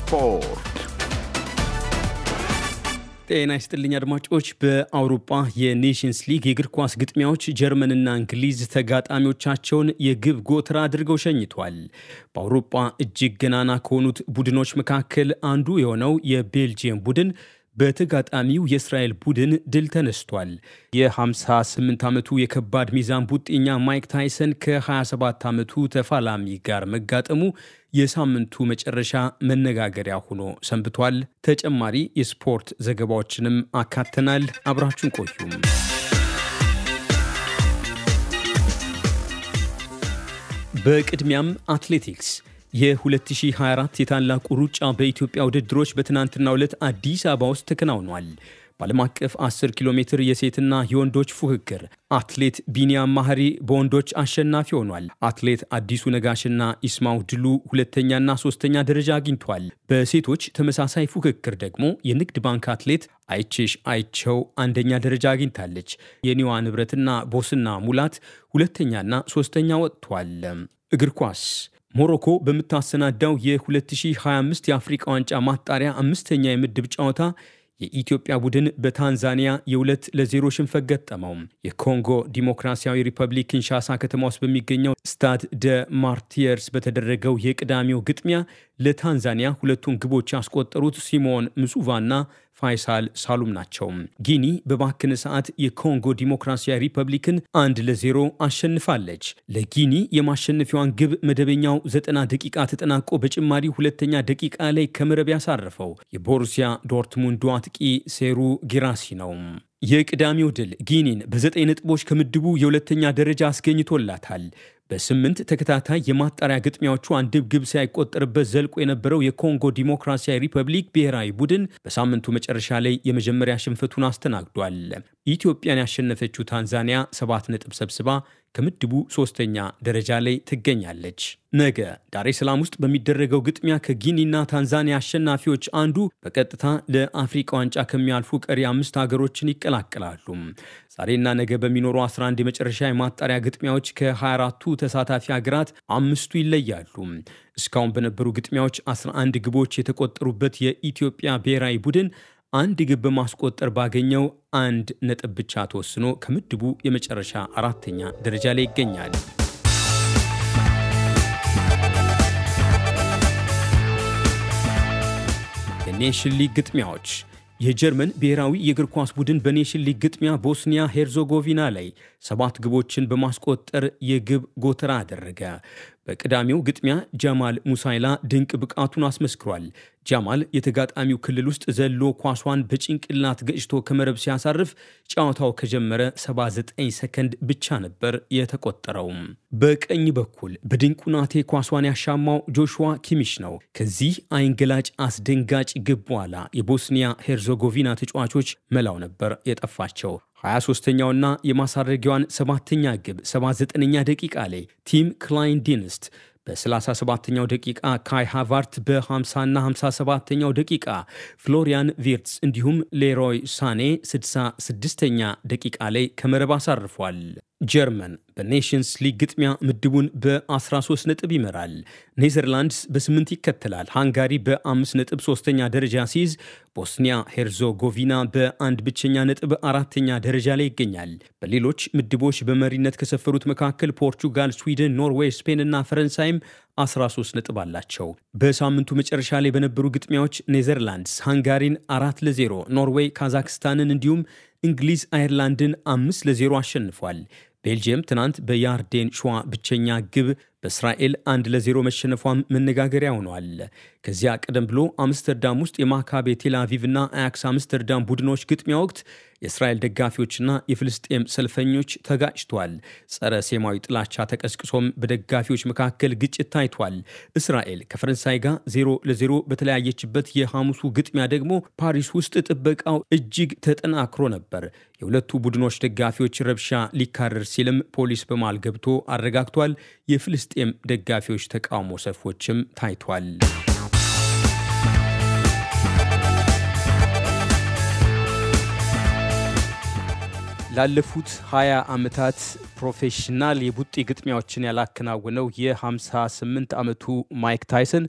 ስፖርት ጤና ይስጥልኝ አድማጮች። በአውሮፓ የኔሽንስ ሊግ የእግር ኳስ ግጥሚያዎች ጀርመንና እንግሊዝ ተጋጣሚዎቻቸውን የግብ ጎተራ አድርገው ሸኝቷል። በአውሮፓ እጅግ ገናና ከሆኑት ቡድኖች መካከል አንዱ የሆነው የቤልጅየም ቡድን በተጋጣሚው የእስራኤል ቡድን ድል ተነስቷል። የ58 ዓመቱ የከባድ ሚዛን ቡጢኛ ማይክ ታይሰን ከ27 ዓመቱ ተፋላሚ ጋር መጋጠሙ የሳምንቱ መጨረሻ መነጋገሪያ ሆኖ ሰንብቷል። ተጨማሪ የስፖርት ዘገባዎችንም አካተናል። አብራችን ቆዩም። በቅድሚያም አትሌቲክስ የ2024 የታላቁ ሩጫ በኢትዮጵያ ውድድሮች በትናንትናው ዕለት አዲስ አበባ ውስጥ ተከናውኗል። በዓለም አቀፍ 10 ኪሎ ሜትር የሴትና የወንዶች ፉክክር አትሌት ቢንያም ማህሪ በወንዶች አሸናፊ ሆኗል። አትሌት አዲሱ ነጋሽና ኢስማው ድሉ ሁለተኛና ሶስተኛ ደረጃ አግኝቷል። በሴቶች ተመሳሳይ ፉክክር ደግሞ የንግድ ባንክ አትሌት አይቼሽ አይቸው አንደኛ ደረጃ አግኝታለች። የኒዋ ንብረትና ቦስና ሙላት ሁለተኛና ሶስተኛ ወጥቷል። እግር ኳስ ሞሮኮ በምታሰናዳው የ2025 የአፍሪቃ ዋንጫ ማጣሪያ አምስተኛ የምድብ ጨዋታ የኢትዮጵያ ቡድን በታንዛኒያ የሁለት ለዜሮ ሽንፈት ገጠመው። የኮንጎ ዲሞክራሲያዊ ሪፐብሊክ ኪንሻሳ ከተማ ውስጥ በሚገኘው ስታድ ደ ማርቲየርስ በተደረገው የቅዳሜው ግጥሚያ ለታንዛኒያ ሁለቱን ግቦች ያስቆጠሩት ሲሞን ምጹቫና ፋይሳል ሳሉም ናቸው። ጊኒ በባክን ሰዓት የኮንጎ ዲሞክራሲያዊ ሪፐብሊክን አንድ ለዜሮ አሸንፋለች። ለጊኒ የማሸነፊያዋን ግብ መደበኛው ዘጠና ደቂቃ ተጠናቆ በጭማሪ ሁለተኛ ደቂቃ ላይ ከመረብ ያሳረፈው የቦሩሲያ ዶርትሙንድ አጥቂ ሴሩ ጊራሲ ነው። የቅዳሜው ድል ጊኒን በዘጠኝ ነጥቦች ከምድቡ የሁለተኛ ደረጃ አስገኝቶላታል። በስምንት ተከታታይ የማጣሪያ ግጥሚያዎቹ አንድም ግብ ሳይቆጠርበት ዘልቆ የነበረው የኮንጎ ዲሞክራሲያዊ ሪፐብሊክ ብሔራዊ ቡድን በሳምንቱ መጨረሻ ላይ የመጀመሪያ ሽንፈቱን አስተናግዷል። ኢትዮጵያን ያሸነፈችው ታንዛኒያ ሰባት ነጥብ ሰብስባ ከምድቡ ሶስተኛ ደረጃ ላይ ትገኛለች። ነገ ዳሬ ሰላም ውስጥ በሚደረገው ግጥሚያ ከጊኒና ታንዛኒያ አሸናፊዎች አንዱ በቀጥታ ለአፍሪቃ ዋንጫ ከሚያልፉ ቀሪ አምስት ሀገሮችን ይቀላቀላሉ። ዛሬና ነገ በሚኖሩ 11 የመጨረሻ የማጣሪያ ግጥሚያዎች ከ24ቱ ተሳታፊ ሀገራት አምስቱ ይለያሉ። እስካሁን በነበሩ ግጥሚያዎች 11 ግቦች የተቆጠሩበት የኢትዮጵያ ብሔራዊ ቡድን አንድ ግብ በማስቆጠር ባገኘው አንድ ነጥብ ብቻ ተወስኖ ከምድቡ የመጨረሻ አራተኛ ደረጃ ላይ ይገኛል። የኔሽን ሊግ ግጥሚያዎች የጀርመን ብሔራዊ የእግር ኳስ ቡድን በኔሽን ሊግ ግጥሚያ ቦስኒያ ሄርዞጎቪና ላይ ሰባት ግቦችን በማስቆጠር የግብ ጎተራ አደረገ። በቅዳሜው ግጥሚያ ጃማል ሙሳይላ ድንቅ ብቃቱን አስመስክሯል። ጃማል የተጋጣሚው ክልል ውስጥ ዘሎ ኳሷን በጭንቅላት ገጭቶ ከመረብ ሲያሳርፍ ጨዋታው ከጀመረ 79 ሰከንድ ብቻ ነበር የተቆጠረውም። በቀኝ በኩል በድንቁናቴ ኳሷን ያሻማው ጆሹዋ ኪሚሽ ነው። ከዚህ አይንገላጭ አስደንጋጭ ግብ በኋላ የቦስኒያ ሄርዘጎቪና ተጫዋቾች መላው ነበር የጠፋቸው። 23ኛውና የማሳረጊያዋን ሰባተኛ ግብ 79ኛ ደቂቃ ላይ ቲም ክላይን ዲንስት በ37ኛው ደቂቃ ካይ ሃቫርት በ50ና 57ኛው ደቂቃ ፍሎሪያን ቪርትስ እንዲሁም ሌሮይ ሳኔ 66ኛ ደቂቃ ላይ ከመረብ አሳርፏል። ጀርመን በኔሽንስ ሊግ ግጥሚያ ምድቡን በ13 ነጥብ ይመራል። ኔዘርላንድስ በ8 ይከተላል። ሃንጋሪ በ5 ነጥብ ሶስተኛ ደረጃ ሲይዝ፣ ቦስኒያ ሄርዞጎቪና በአንድ ብቸኛ ነጥብ አራተኛ ደረጃ ላይ ይገኛል። በሌሎች ምድቦች በመሪነት ከሰፈሩት መካከል ፖርቹጋል፣ ስዊድን፣ ኖርዌይ፣ ስፔን እና ፈረንሳይም 13 ነጥብ አላቸው። በሳምንቱ መጨረሻ ላይ በነበሩ ግጥሚያዎች ኔዘርላንድስ ሃንጋሪን ለ 0 ኖርዌይ ካዛክስታንን እንዲሁም እንግሊዝ አየርላንድን አምስት ለዜሮ አሸንፏል። ቤልጅየም ትናንት በያርዴን ሸዋ ብቸኛ ግብ በእስራኤል አንድ ለዜሮ መሸነፏም መነጋገሪያ ሆኗል። ከዚያ ቀደም ብሎ አምስተርዳም ውስጥ የማካቤ ቴል አቪቭና አያክስ አምስተርዳም ቡድኖች ግጥሚያ ወቅት የእስራኤል ደጋፊዎችና የፍልስጤም ሰልፈኞች ተጋጭቷል። ጸረ ሴማዊ ጥላቻ ተቀስቅሶም በደጋፊዎች መካከል ግጭት ታይቷል። እስራኤል ከፈረንሳይ ጋር ዜሮ ለዜሮ በተለያየችበት የሐሙሱ ግጥሚያ ደግሞ ፓሪስ ውስጥ ጥበቃው እጅግ ተጠናክሮ ነበር። የሁለቱ ቡድኖች ደጋፊዎች ረብሻ ሊካረር ሲልም ፖሊስ በመሃል ገብቶ አረጋግቷል። የፍልስጤም ደጋፊዎች ተቃውሞ ሰልፎችም ታይቷል። ላለፉት 20 ዓመታት ፕሮፌሽናል የቡጢ ግጥሚያዎችን ያላከናወነው የ58 ዓመቱ ማይክ ታይሰን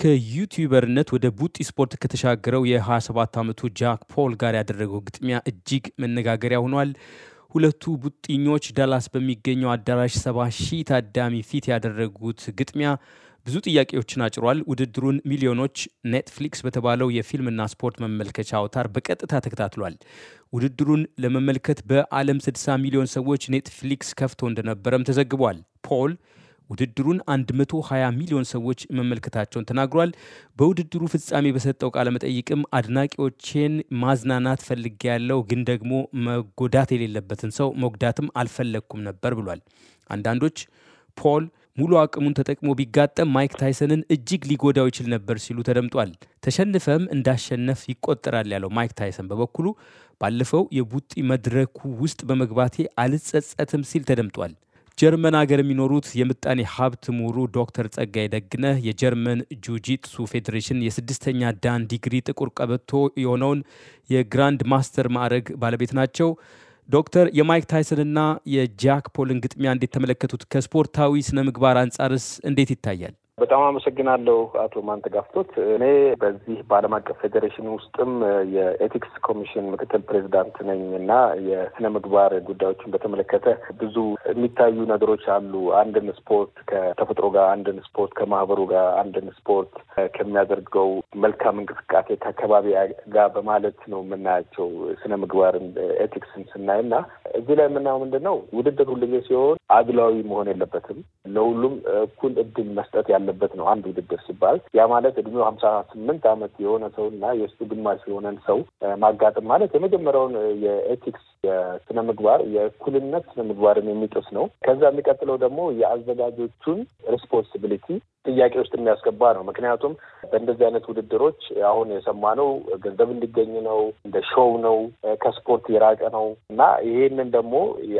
ከዩቲዩበርነት ወደ ቡጢ ስፖርት ከተሻገረው የ27 ዓመቱ ጃክ ፖል ጋር ያደረገው ግጥሚያ እጅግ መነጋገሪያ ሆኗል። ሁለቱ ቡጢኞች ዳላስ በሚገኘው አዳራሽ 70 ሺህ ታዳሚ ፊት ያደረጉት ግጥሚያ ብዙ ጥያቄዎችን አጭሯል። ውድድሩን ሚሊዮኖች ኔትፍሊክስ በተባለው የፊልምና ስፖርት መመልከቻ አውታር በቀጥታ ተከታትሏል። ውድድሩን ለመመልከት በዓለም 60 ሚሊዮን ሰዎች ኔትፍሊክስ ከፍቶ እንደነበረም ተዘግቧል። ፖል ውድድሩን 120 ሚሊዮን ሰዎች መመልከታቸውን ተናግሯል። በውድድሩ ፍጻሜ በሰጠው ቃለ መጠይቅም አድናቂዎቼን ማዝናናት ፈልጌ ያለው ግን ደግሞ መጎዳት የሌለበትን ሰው መጉዳትም አልፈለግኩም ነበር ብሏል። አንዳንዶች ፖል ሙሉ አቅሙን ተጠቅሞ ቢጋጠም ማይክ ታይሰንን እጅግ ሊጎዳው ይችል ነበር ሲሉ ተደምጧል። ተሸንፈም እንዳሸነፍ ይቆጠራል ያለው ማይክ ታይሰን በበኩሉ ባለፈው የቡጢ መድረኩ ውስጥ በመግባቴ አልጸጸትም ሲል ተደምጧል። ጀርመን ሀገር የሚኖሩት የምጣኔ ሀብት ምሁሩ ዶክተር ጸጋይ ደግነህ የጀርመን ጁጂትሱ ፌዴሬሽን የስድስተኛ ዳን ዲግሪ ጥቁር ቀበቶ የሆነውን የግራንድ ማስተር ማዕረግ ባለቤት ናቸው። ዶክተር የማይክ ታይሰንና የጃክ ፖልን ግጥሚያ እንዴት ተመለከቱት? ከስፖርታዊ ስነ ምግባር አንጻርስ እንዴት ይታያል? በጣም አመሰግናለሁ አቶ ማንተጋፍቶት። እኔ በዚህ በዓለም አቀፍ ፌዴሬሽን ውስጥም የኤቲክስ ኮሚሽን ምክትል ፕሬዚዳንት ነኝ እና የስነ ምግባር ጉዳዮችን በተመለከተ ብዙ የሚታዩ ነገሮች አሉ። አንድን ስፖርት ከተፈጥሮ ጋር፣ አንድን ስፖርት ከማህበሩ ጋር፣ አንድን ስፖርት ከሚያደርገው መልካም እንቅስቃሴ ከአካባቢ ጋር በማለት ነው የምናያቸው ስነ ምግባርን ኤቲክስን ስናይ እና እዚህ ላይ የምናየው ምንድን ነው ውድድር ሁልጊዜ ሲሆን አግላዊ መሆን የለበትም። ለሁሉም እኩል እድል መስጠት ያለበት ነው አንድ ውድድር ሲባል። ያ ማለት እድሜው ሀምሳ ስምንት ዓመት የሆነ ሰው እና የእሱ ግማሽ የሆነን ሰው ማጋጥም ማለት የመጀመሪያውን የኤቲክስ የስነ ምግባር የእኩልነት ስነ ምግባርን የሚጥስ ነው። ከዛ የሚቀጥለው ደግሞ የአዘጋጆቹን ሪስፖንሲቢሊቲ ጥያቄ ውስጥ የሚያስገባ ነው። ምክንያቱም በእንደዚህ አይነት ውድድሮች አሁን የሰማነው ገንዘብ እንዲገኝ ነው፣ እንደ ሾው ነው፣ ከስፖርት የራቀ ነው እና ይሄንን ደግሞ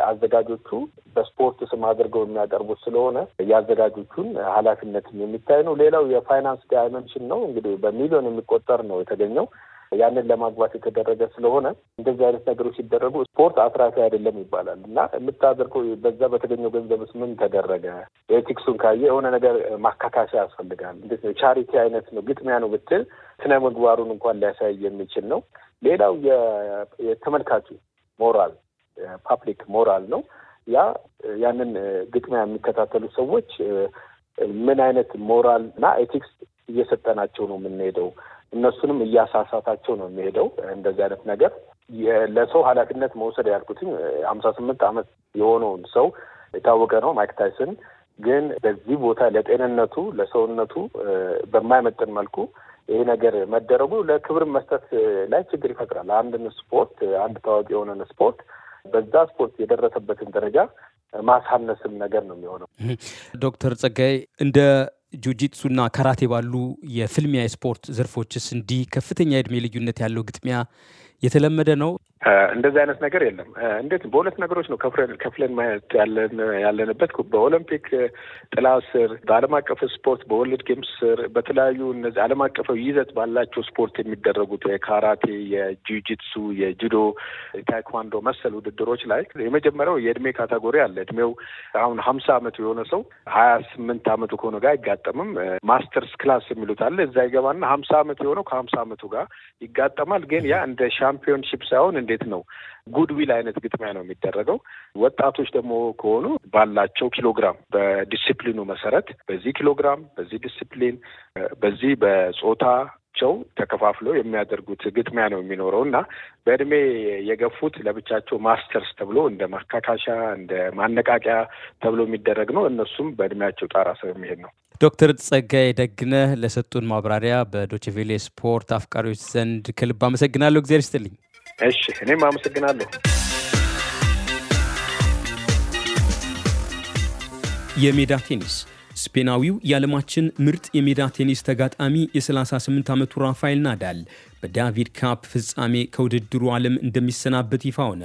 አዘጋጆቹ በስፖርት ስም አድርገው የሚያቀርቡት ስለሆነ የአዘጋጆቹን ኃላፊነትም የሚታይ ነው። ሌላው የፋይናንስ ዳይመንሽን ነው። እንግዲህ በሚሊዮን የሚቆጠር ነው የተገኘው ያንን ለማግባት የተደረገ ስለሆነ እንደዚህ አይነት ነገሮች ሲደረጉ ስፖርት አትራፊ አይደለም ይባላል እና የምታደርገው በዛ በተገኘው ገንዘብስ ምን ተደረገ? ኤቲክሱን ካየ የሆነ ነገር ማካካሻ ያስፈልጋል። እንዴት ነው ቻሪቲ አይነት ነው ግጥሚያ ነው ብትል ስነ ምግባሩን እንኳን ሊያሳይ የሚችል ነው። ሌላው የተመልካቹ ሞራል ፓብሊክ ሞራል ነው። ያ ያንን ግጥሚያ የሚከታተሉ ሰዎች ምን አይነት ሞራል እና ኤቲክስ እየሰጠናቸው ነው የምንሄደው እነሱንም እያሳሳታቸው ነው የሚሄደው እንደዚህ አይነት ነገር ለሰው ኃላፊነት መውሰድ ያልኩትም ሀምሳ ስምንት ዓመት የሆነውን ሰው የታወቀ ነው ማይክ ታይሰን ግን በዚህ ቦታ ለጤንነቱ ለሰውነቱ በማይመጥን መልኩ ይሄ ነገር መደረጉ ለክብር መስጠት ላይ ችግር ይፈጥራል። አንድን ስፖርት አንድ ታዋቂ የሆነን ስፖርት በዛ ስፖርት የደረሰበትን ደረጃ ማሳነስም ነገር ነው የሚሆነው። ዶክተር ጸጋይ እንደ ጁጂትሱና ካራቴ ባሉ የፍልሚያ የስፖርት ዘርፎችስ እንዲህ ከፍተኛ የእድሜ ልዩነት ያለው ግጥሚያ የተለመደ ነው? እንደዚህ አይነት ነገር የለም። እንዴት በሁለት ነገሮች ነው ከፍለን ማየት ያለንበት በኦሎምፒክ ጥላ ስር በዓለም አቀፍ ስፖርት በወርልድ ጌምስ ስር በተለያዩ እነዚህ ዓለም አቀፍ ይዘት ባላቸው ስፖርት የሚደረጉት የካራቴ፣ የጂጂትሱ፣ የጂዶ፣ ታይኳንዶ መሰል ውድድሮች ላይ የመጀመሪያው የእድሜ ካታጎሪ አለ። እድሜው አሁን ሀምሳ አመቱ የሆነ ሰው ሀያ ስምንት አመቱ ከሆነ ጋር አይጋጠምም። ማስተርስ ክላስ የሚሉት አለ። እዛ ይገባና ሀምሳ አመቱ የሆነው ከሀምሳ አመቱ ጋር ይጋጠማል። ግን ያ እንደ ሻምፒዮንሺፕ ሳይሆን እንዴት ነው ጉድዊል አይነት ግጥሚያ ነው የሚደረገው። ወጣቶች ደግሞ ከሆኑ ባላቸው ኪሎግራም በዲስፕሊኑ መሰረት በዚህ ኪሎግራም፣ በዚህ ዲስፕሊን፣ በዚህ በጾታ ቸው ተከፋፍለው የሚያደርጉት ግጥሚያ ነው የሚኖረው እና በእድሜ የገፉት ለብቻቸው ማስተርስ ተብሎ እንደ ማካካሻ እንደ ማነቃቂያ ተብሎ የሚደረግ ነው። እነሱም በእድሜያቸው ጣራ ሰው የሚሄድ ነው። ዶክተር ጸጋዬ ደግነህ ለሰጡን ማብራሪያ በዶችቬሌ ስፖርት አፍቃሪዎች ዘንድ ከልብ አመሰግናለሁ። እግዜር ይስጥልኝ። እሺ፣ እኔም አመሰግናለሁ። የሜዳ ቴኒስ ስፔናዊው የዓለማችን ምርጥ የሜዳ ቴኒስ ተጋጣሚ የ38 ዓመቱ ራፋኤል ናዳል በዳቪድ ካፕ ፍጻሜ ከውድድሩ ዓለም እንደሚሰናበት ይፋ ሆነ።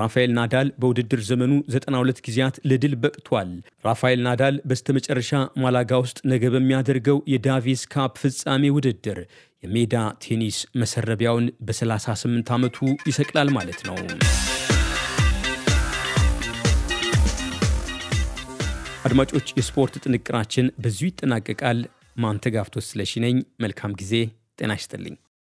ራፋኤል ናዳል በውድድር ዘመኑ 92 ጊዜያት ለድል በቅቷል። ራፋኤል ናዳል በስተመጨረሻ ማላጋ ውስጥ ነገ በሚያደርገው የዳቪስ ካፕ ፍጻሜ ውድድር የሜዳ ቴኒስ መሰረቢያውን በ38 ዓመቱ ይሰቅላል ማለት ነው። አድማጮች፣ የስፖርት ጥንቅራችን ብዙ ይጠናቀቃል። ማንተጋፍቶ ስለሽነኝ መልካም ጊዜ። ጤና ይስጥልኝ።